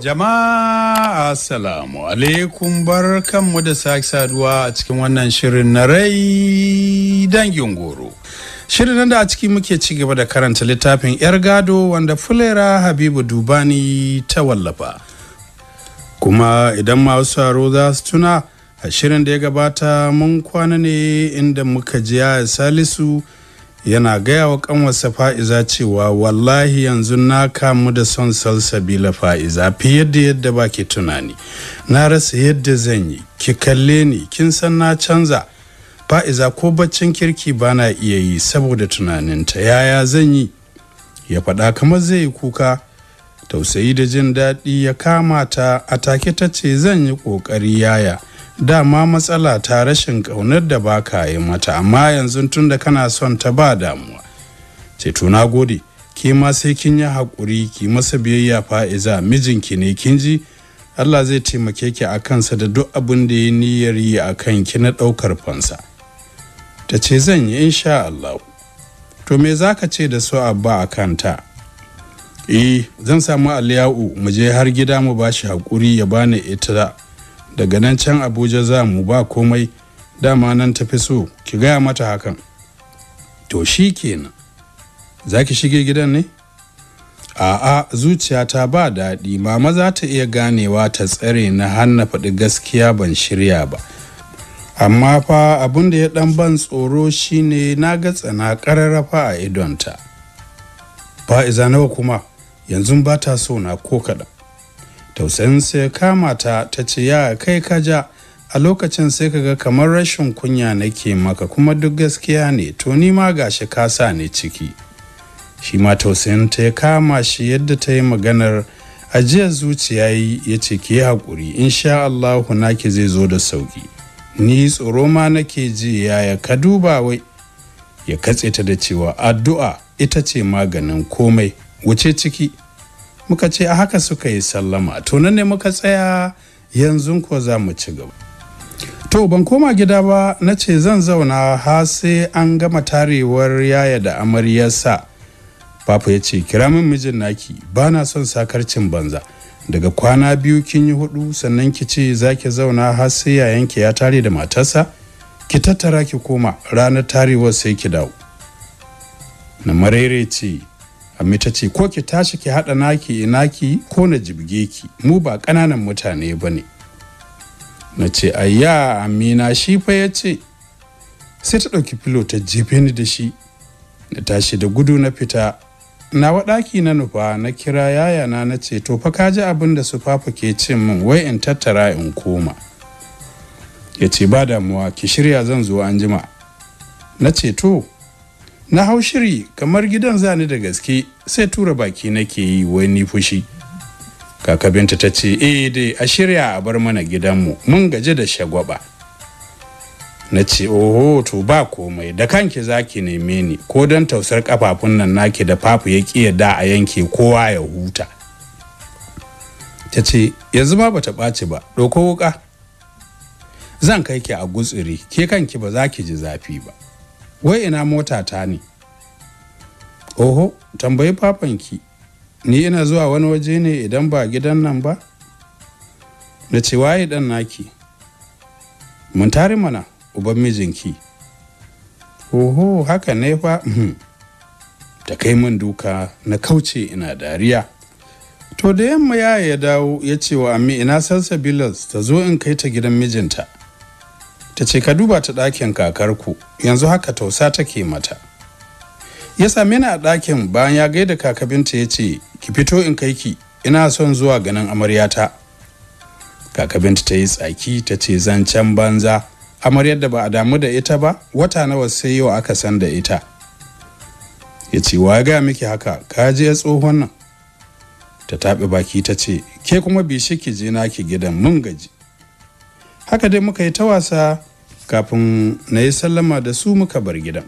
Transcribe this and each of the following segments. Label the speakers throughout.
Speaker 1: Jama'a Assalamu alaikum bar kanmu da sake saduwa a cikin wannan shirin na rai dangin goro. Shirin nan da a ciki muke ci gaba da karanta littafin 'yar gado wanda fulera Habibu Dubani ta wallafa. Kuma idan masu saro za su tuna a shirin da ya gabata mun kwana ne inda muka jiya ya salisu yana gaya wa kanwarsa fa'iza cewa wallahi yanzu na kamu da son salsabila fa'iza fiye da yadda ba ke tunani na rasa yadda zan yi ki kalle ni kin san na canza fa'iza ko baccin kirki ba na iya yi saboda tunaninta yaya zan yi ya faɗa kamar zai yi kuka tausayi da jin daɗi ya kama ta a take ta ce zan yi ƙoƙari yaya dama matsala ta rashin ƙaunar da ba ka yi mata amma yanzu tun da kana son ta ba damuwa sai to na gode ke ma sai kin yi haƙuri ki masa biyayya fa'iza mijinki ne kin ji Allah zai taimake ki a kansa da duk abin da ya niyyar yi a kan ki na ɗaukar fansa ta ce zan yi insha Allah to me za ka ce da su abba a kanta eh zan samu aliyau mu je har gida mu ba shi haƙuri ya bani ita daga nan can abuja za mu ba komai dama nan tafi so ki gaya mata hakan to shi kenan za ki shige gidan ne a'a zuciya ta ba daɗi mama za ta iya ganewa ta tsare na hanna faɗi gaskiya ban shirya ba amma fa abin da ya ɗan ban tsoro shine na ga tsana ƙararrafa a idonta fa'iza nawa kuma yanzu ba ta so na ko kaɗan tausayin sai kama ta ta ce ya kai kaja a lokacin sai ka ga kamar rashin kunya nake maka kuma duk gaskiya ne to ni ma gashi ka sa ne ciki shi ma tausayin ta ya kama shi yadda ta yi maganar ajiyar zuciya yi ya ce ki yi haƙuri insha Allahu naki zai zo da sauki ni tsoro ma nake ji yaya ka duba wai ya katse ta da cewa addu'a ita ce maganin komai wuce ciki muka ce a haka suka yi sallama to nan ne muka tsaya yanzu ko za mu ci gaba to ban koma gida ba na ce zan zauna ha sai an gama tarewar yaya da amaryarsa papa ya ce kira min mijin naki ba na son sakarcin banza daga kwana biyu kin yi hudu sannan ki ce za ki zauna har sai yayanki ya tare da matarsa ki tattara ki koma ranar tarewar sai ki dawo na marere ce amma ta ce ko ki tashi ki haɗa naki inaki ko na jibge ki mu ba ƙananan mutane ba ne na ce ayya amina shi fa ya ce sai ta ɗauki filo ta jefe ni da shi na tashi da gudu na fita na waɗaki na nufa na kira yayana na ce to fa ka ji abin da su fafa ke cin min wai in tattara in koma ya ce ba damuwa ki shirya zan zo an jima na ce to na hau shiri kamar gidan zani da gaske sai tura baki nake yi wani fushi kaka binta ta ce eh dai a shirya a bar mana gidanmu mun gaji da shagwaba na ce oho to ba komai da kanki zaki neme ni ko don tausar kafafun nan naki da fafu ya ƙi da a yanke kowa ya huta ta ce yanzu ma bata ɓaci ba ɗauko wuka zan kai ki a gutsiri ke kanki ba za ki ji zafi ba wai ina mota ta ne oho tambayi fafanki ni ina zuwa wani waje ne idan ba gidan nan ba na ce waye dan naki mun tare mana uban mijinki oho haka ne fa uhm. ta kai min duka na kauce ina dariya to da yamma ya ya dawo ya ce wa ammi ina sansa bilas ta zo in kai ta gidan mijinta ta ce ka duba ta ɗakin kakarku yanzu haka tausa take mata ya same ni a ɗakin bayan ya gaida kakabinta ya ce ki fito in kai ki ina son zuwa ganin amaryata kakabinta ta yi tsaki ta ce zancen banza amaryar da ba a damu da ita ba wata nawa sai yau aka san da ita ya ce wa ga miki haka ka je ya tsohon nan ta taɓi baki ta ce ke kuma bishi ki je naki gidan mun gaji haka dai muka yi ta wasa kafin na yi sallama da su muka bar gidan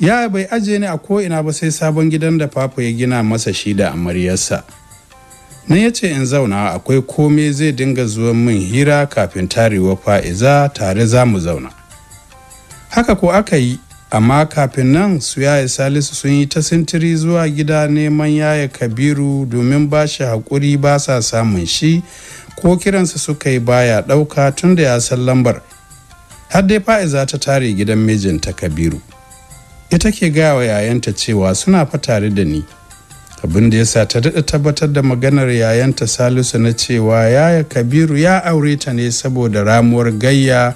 Speaker 1: ya bai aje ni a ko'ina ba sai sabon gidan da papa ya gina masa shi da amaryarsa na ya ce in zauna akwai komai zai dinga zuwan min hira kafin tarewa fa'iza tare za mu zauna haka ko aka yi amma kafin nan su yaya salisu sun yi ta sintiri zuwa gida neman yaya kabiru domin ba shi haƙuri ba sa samun shi ko kiransa suka yi baya ɗauka tun da ya san lambar har dai fa'iza ta tare gidan mijinta kabiru ita ke gaya wa yayanta cewa suna fa tare da ni abin da yasa ta daɗa tabbatar da maganar yayanta salisu na cewa yaya kabiru ya aure ta ne saboda ramuwar gayya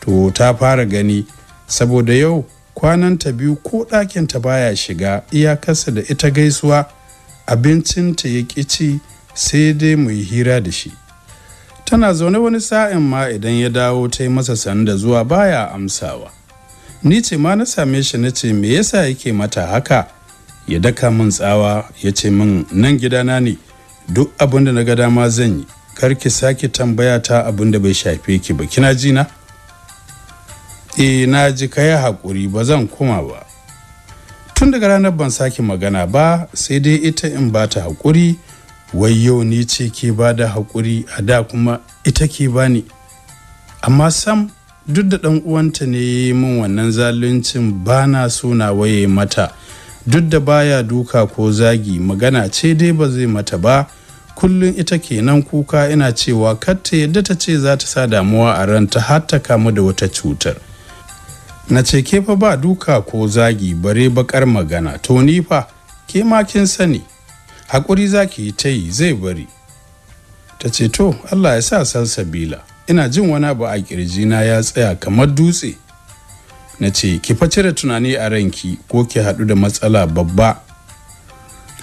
Speaker 1: to ta fara gani saboda yau kwananta biyu ko ɗakinta baya shiga iyakarsa da ita gaisuwa abincinta ya ƙici sai dai mu yi hira da shi tana zaune wani sa'in ma idan ya dawo ta yi masa sanda zuwa baya amsawa ni ce ma na same shi na ce me yasa yake mata haka ya daka min tsawa ya ce min nan gidana ne duk abin da na ga dama zan yi kar ki sake tambaya ta abin da bai shafe ki ba kina ji na E, na ji yi hakuri ba zan kuma ba tun daga ranar ban sake magana ba sai dai ita in ba ta hakuri wai yau ni ce ke ba da haƙuri a da kuma ita ke ba ni amma sam duk da ɗan uwanta ne ya yi min wannan zaluncin ba na so na waye mata duk da baya duka ko zagi magana ce dai ba zai mata ba kullum ita ke nan kuka ina cewa kar ta yadda ta ce za ta sa damuwa a ranta har ta kamu da wata cutar na ce ke fa ba duka ko zagi bare bakar magana to ni fa ke makin sani haƙuri za ki yi ta yi zai bari ta ce to allah ya sa salsabila ina jin wani abu a na ya tsaya kamar dutse na ce ki fa cire tunani a ranki ko ki haɗu da matsala babba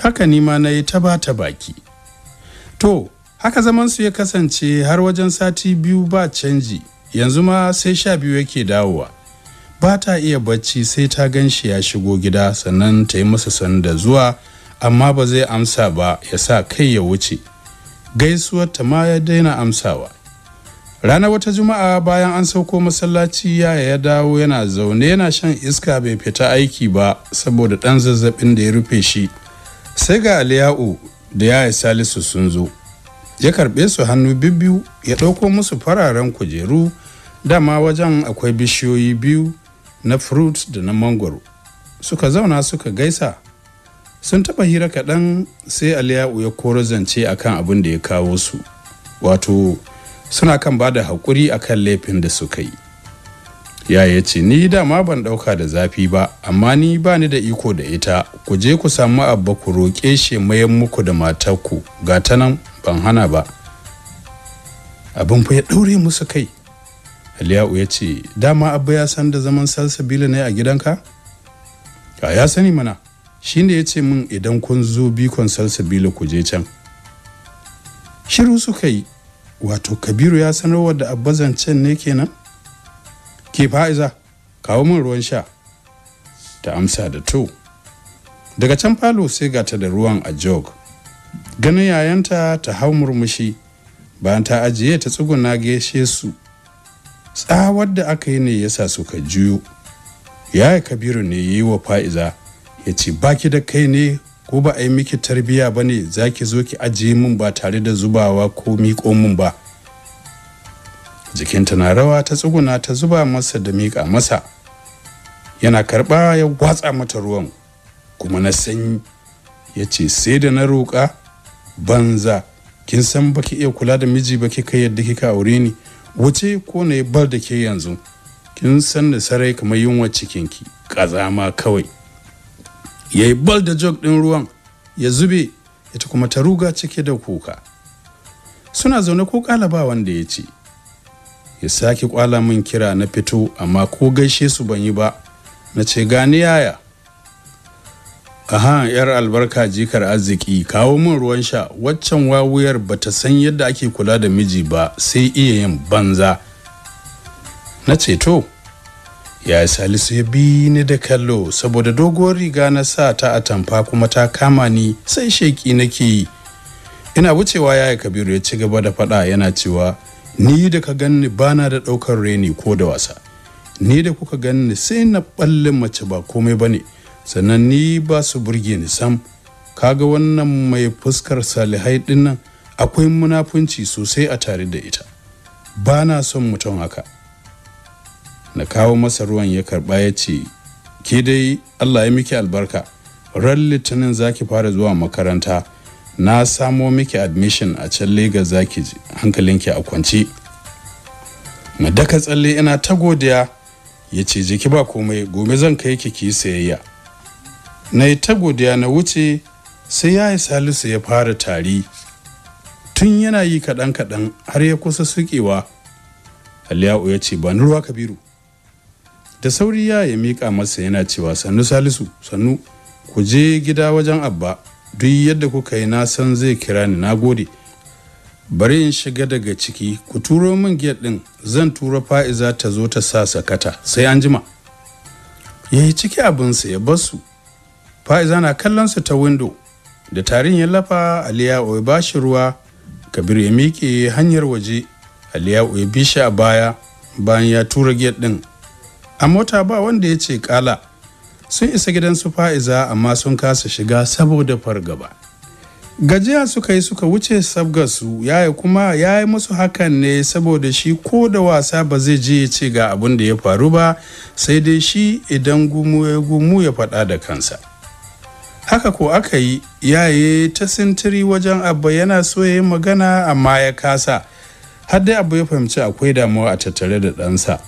Speaker 1: haka nima na yi ta bata baki to haka zaman su ya kasance har wajen sati biyu ba canji yanzu ma sai sha biyu yake dawowa ba ta iya bacci sai ta gan shi ya shigo gida sannan ta yi masa sanda zuwa amma ba zai amsa ba ya sa kai ya wuce gaisuwar ta ma ya daina amsawa ranar wata juma'a bayan an sauko masallaci ya ya dawo yana zaune yana shan iska bai fita aiki ba saboda ɗan zazzabin da ya rufe shi sai ga aliya'u da ya salisu sun zo ya karɓe su hannu bibbiyu ya ɗauko musu fararen kujeru dama wajen akwai bishiyoyi biyu na fruit da na mangoro. suka zauna suka gaisa sun taɓa hira kaɗan sai aliyu ya koro zance akan abin da ya kawo su wato suna kan ba da haƙuri kan laifin da suka yi ya ya ce ni dama ban ɗauka da zafi ba amma ni ba ni da iko da ita ku je ku samu abba ku roƙe shi mayan muku da matarku ga ta nan ban hana ba abin fa ya ɗaure musu kai aliyu ya ce dama abba ya san da zaman salsabila ne a gidanka ya sani mana Shi ne ya ce min idan kun zo bikon salsabila ku je can shiru suka yi wato kabiru ya sanarwa da abbazancen ne kenan ke fa'iza kawo min ruwan sha ta amsa da to daga can falo sai gata da ruwan a jog ganin yayanta ta hau murmushi bayan ta ajiye ta tsuguna gaishe su tsawar da aka yi ne ya sa suka juyo Ya yi kabiru ne ya yi wa fa'iza ya ce ba ki da kai ne ko ba a yi miki tarbiya ba ne za ki zo ki ajiye min ba tare da zubawa ko miƙo min ba jikinta na rawa ta tsuguna ta zuba masa da miƙa masa yana karɓa ya watsa mata ruwan kuma na sanyi ya ce sai da na roƙa banza kin san baki iya kula da miji ba kai yadda kika aure ni wuce ko na bar da ke yanzu kin san da sarai kamar yunwa cikinki ƙazama kawai ya yi bal da jog ɗin ruwan ya zube ita kuma ta ruga cike da kuka suna zaune ko ƙalaba wanda ya ce ya sake ƙwala min kira na fito amma ko gaishe su ban yi ba na ce gani yaya aha yar albarka jikar arziki kawo min ruwan sha waccan wawuyar ba ta san yadda ake kula da miji ba sai iya yin banza na ce to ya salisu ya bi ni da kallo saboda doguwar riga na sa ta atamfa kuma ta kama ni sai sheki nake yi ina wucewa yaya kabiru ya ci gaba da faɗa yana cewa ni da ka ganni bana da ɗaukar reni ko da wasa ni da kuka ganni sai na ɓalle mace ba komai ba ne sannan ni ba su burge ni sam kaga wannan mai fuskar salihai ɗinnan akwai munafunci sosai a tare da ita ba na son mutum haka na kawo masa ruwan ya karba ya ce ke dai allah ya miki albarka ran litinin zaki fara zuwa makaranta na samo miki admission a can Legas zaki hankalinki a kwance na daka tsalle ina ta godiya ya ce jiki ba komai gobe zan kai ki ki sayayya na yi ta godiya na wuce sai ya yi salisu ya fara tari tun yana yi kaɗan-kaɗan har ya kusa sukewa aliyu ya ce ba ruwa kabiru da sauri ya ya miƙa masa yana cewa sannu salisu sannu ku je gida wajen abba duk yadda kuka yi na san zai kira ni na gode bari in shiga daga ciki ku turo min giyar ɗin zan tura fa'iza ta zo ta sa sakata sai an jima ya yi ciki abinsa ya basu fa'iza na kallon kallonsa ta windo da tarin ya lafa aliya ya ba shi ruwa kabir ya miƙe hanyar waje aliya ya bi shi a baya bayan ya tura giyar ɗin a mota ba wanda ya ce kala sun isa gidan su fa'iza amma sun kasa shiga saboda fargaba gajiya suka yi suka wuce sabgarsu yaya kuma ya yi musu hakan ne saboda shi ko da wasa ba zai je ya ce ga abin da ya faru ba sai dai shi idan gumu ya gumu ya faɗa da kansa haka ko aka yi ya yi ta sintiri wajen abba yana so ya yi magana amma ya kasa har dai abu ya fahimci akwai damuwa a tattare da ɗansa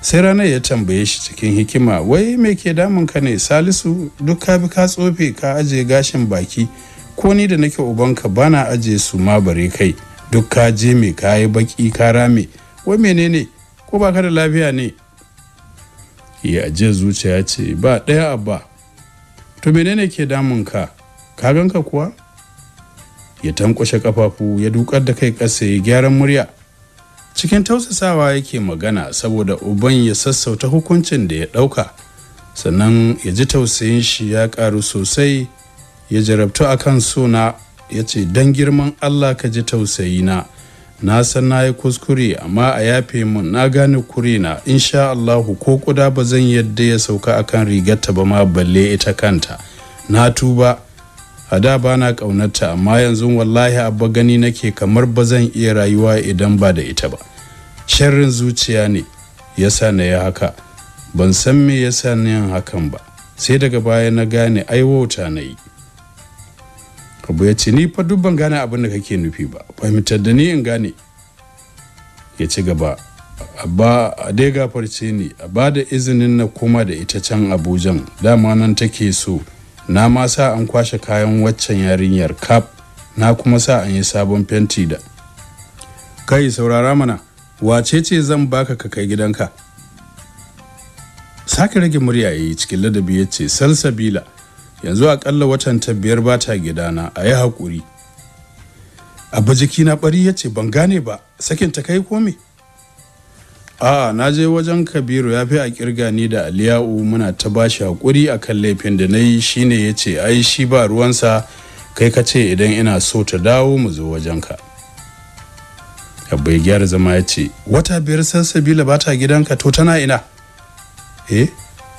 Speaker 1: sai ranar ya tambaye shi cikin hikima wai me ke damun ka ne salisu duk ka bi ka tsofe ka aje gashin baki ko ni da nake ubanka bana aje su ma bare kai duk ka je me ka yi baki ka rame wai menene ko ba ka da lafiya ne ya aje zuciya ce ba ɗaya abba to menene ke damun ka ka ganka kuwa ya tankwashe kafafu ya dukar da kai ƙasa ya gyaran murya cikin tausasawa yake magana saboda uban ya sassauta hukuncin da ya ɗauka sannan ya ji tausayin shi ya ƙaru sosai ya jarabtu a kan suna ya ce don girman allah ka ji tausayi na na san na yi kuskure amma a yafe mun na gane kurina insha allahu ko kuda ba zan yadda ya sauka akan rigarta ba ma balle ita kanta na tuba a da ba na ƙaunarta amma yanzu wallahi abba gani nake kamar ba zan iya rayuwa idan ba da ita ba sharrin zuciya ne yasa na yi haka ban san me yasa na yin hakan ba sai daga baya na gane ai wauta na yi abu ya ce ni fa duk ban gane abin da kake nufi ba fahimtar da ni in gane ya ci gaba abba a dai gafarce ni a ba da izinin na kuma da ita can abujan dama nan take so na ma sa an kwashe kayan waccan yarinyar kap na kuma sa an yi sabon fenti da kai saurara mana wace ce zan baka ka kai gidanka sake rage murya ya yi cikin ladabi ya ce salsabila yanzu aƙalla watan ta biyar ba ta gidana a yi haƙuri abu jiki na ɓari ya ce ban gane ba sakin ta kai ko a na je wajen kabiru ya fi a kirga ni da aliyau muna ta bashi hakuri a kan laifin da na yi shine ya ce ai shi ba ruwansa kai ka ce idan ina so ta dawo mu zo wajenka abu ya gyara zama ya ce wata biyar sassabila ba ta gidanka to tana ina eh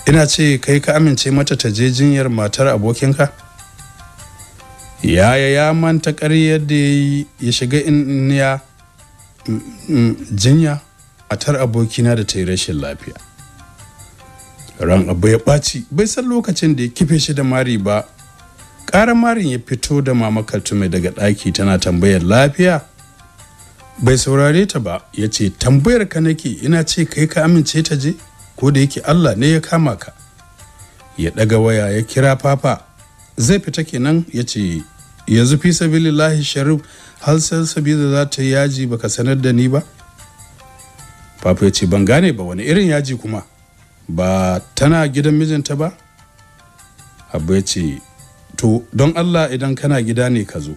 Speaker 1: ina ce kai ka amince mata ta je jinyar matar abokinka yaya ya manta ƙarya da ya shiga in ya jinya matar abokina da ta yi rashin lafiya ran abu ya ɓaci bai san lokacin da ya kife shi da mari ba ƙarar marin ya fito da mama kaltume daga ɗaki tana tambayar lafiya bai saurare ta ba ya ce tambayar ka nake ina ce kai ka amince ta je ko da yake allah ne ya kama ka ya ɗaga waya ya kira Papa? zai fita kenan ya ce yanzu fi lahi sharif har sai sabida za ta yaji baka sanar da ni ba Papa ya ce ban gane ba wani irin yaji kuma ba tana gidan mijinta ba? Abba ya ce to don Allah idan kana gida ne ka zo.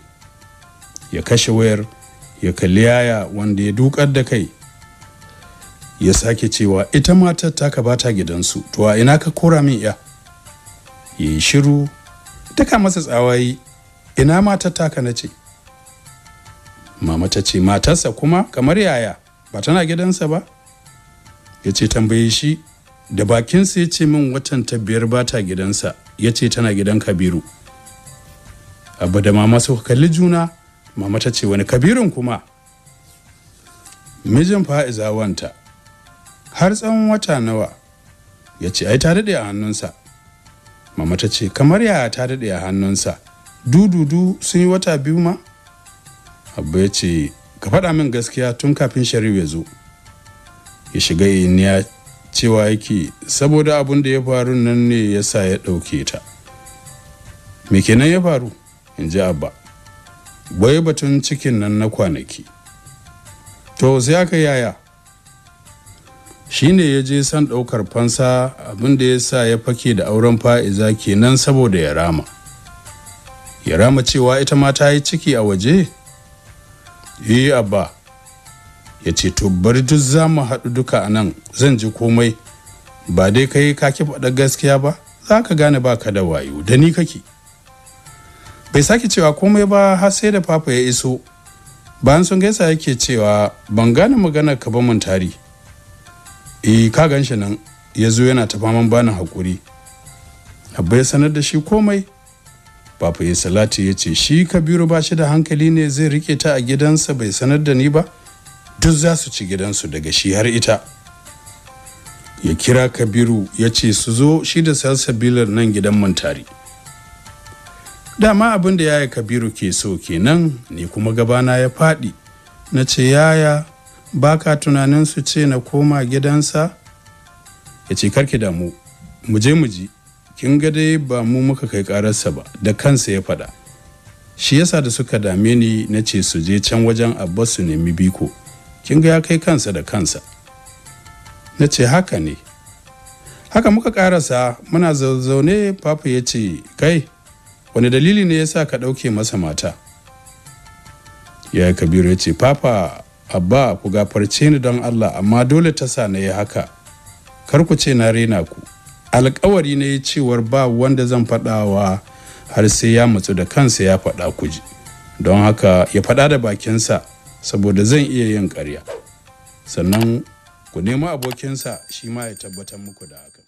Speaker 1: Ya kashe wayar ya kalli yaya wanda ya dukar da kai ya sake cewa ita matar ta bata gidansu to a ina ka kora min ya ya yi shiru taka masa tsawayi ina matar taka na ce mama ta ce matarsa kuma kamar yaya ba tana gidansa ba ya ce tambaye shi da bakinsa ya ce min watan ta biyar ba ta gidansa ya ce tana gidan kabiru abu da mama suka kalli juna mama ta ce wani kabirun kuma mijin fa'iza wanta har tsawon wata nawa ya ce ai ta daɗe a hannunsa mama ta ce kamar yaya ta daɗe a hannunsa dududu sun yi wata biyu ma abu ya ce ka faɗa min gaskiya tun kafin shari'u ya zo ya shiga yiniya cewa yake saboda abin da ya faru nan ne ya sa ya ɗauke ta me kenan ya faru in ji abba bai batun cikin nan na kwanaki to sai aka yaya shine ya je san ɗaukar fansa abin da ya sa ya fake da auren fa'iza kenan saboda ya rama ya rama cewa ita ma ta yi ciki a waje eh abba ya ce to bari duk za mu haɗu duka a nan zan ji komai ba dai kai ka ki faɗa gaskiya ba za ka gane ba ka da wayo da ni kake bai sake cewa komai ba har sai da fafa ya iso bayan sun gaisa yake cewa ban gane maganar ka ba mun tari eh ka gan shi nan ya zo yana ta faman bani haƙuri abba ya sanar da shi komai Papa Salatu ya ce shi Kabiru ba shi da hankali ne zai rike ta a gidansa bai sanar da ni ba? duk za su ci gidansu daga shi har ita ya kira kabiru ya ce su zo shi da salsabilar nan gidan mantari dama abin da yaya kabiru ke so kenan ne kuma gabana ya faɗi na ce yaya baka tunanin su ce na koma gidansa ya ce karki damu mu je mu kin ga dai ba mu muka kai ƙararsa ba da kansa ya faɗa shi yasa da suka dame ni na ce su je can wajen abbas su nemi biko kin ga ya kai kansa da kansa na ce haka ne haka muka karasa muna zazzaune papa ya ce kai wani dalili ne ya sa ka ɗauke masa mata ya kabiru ya ce papa abba ku gafarce ni don allah amma dole ta sa na yi haka kar ku ce na rena ku alkawari ne cewar ba wanda zan faɗawa har sai ya matsu da kansa ya faɗa ku ji don haka ya faɗa da bakinsa saboda zan iya yin karya sannan ku nemo abokinsa shi ma ya tabbatar muku da haka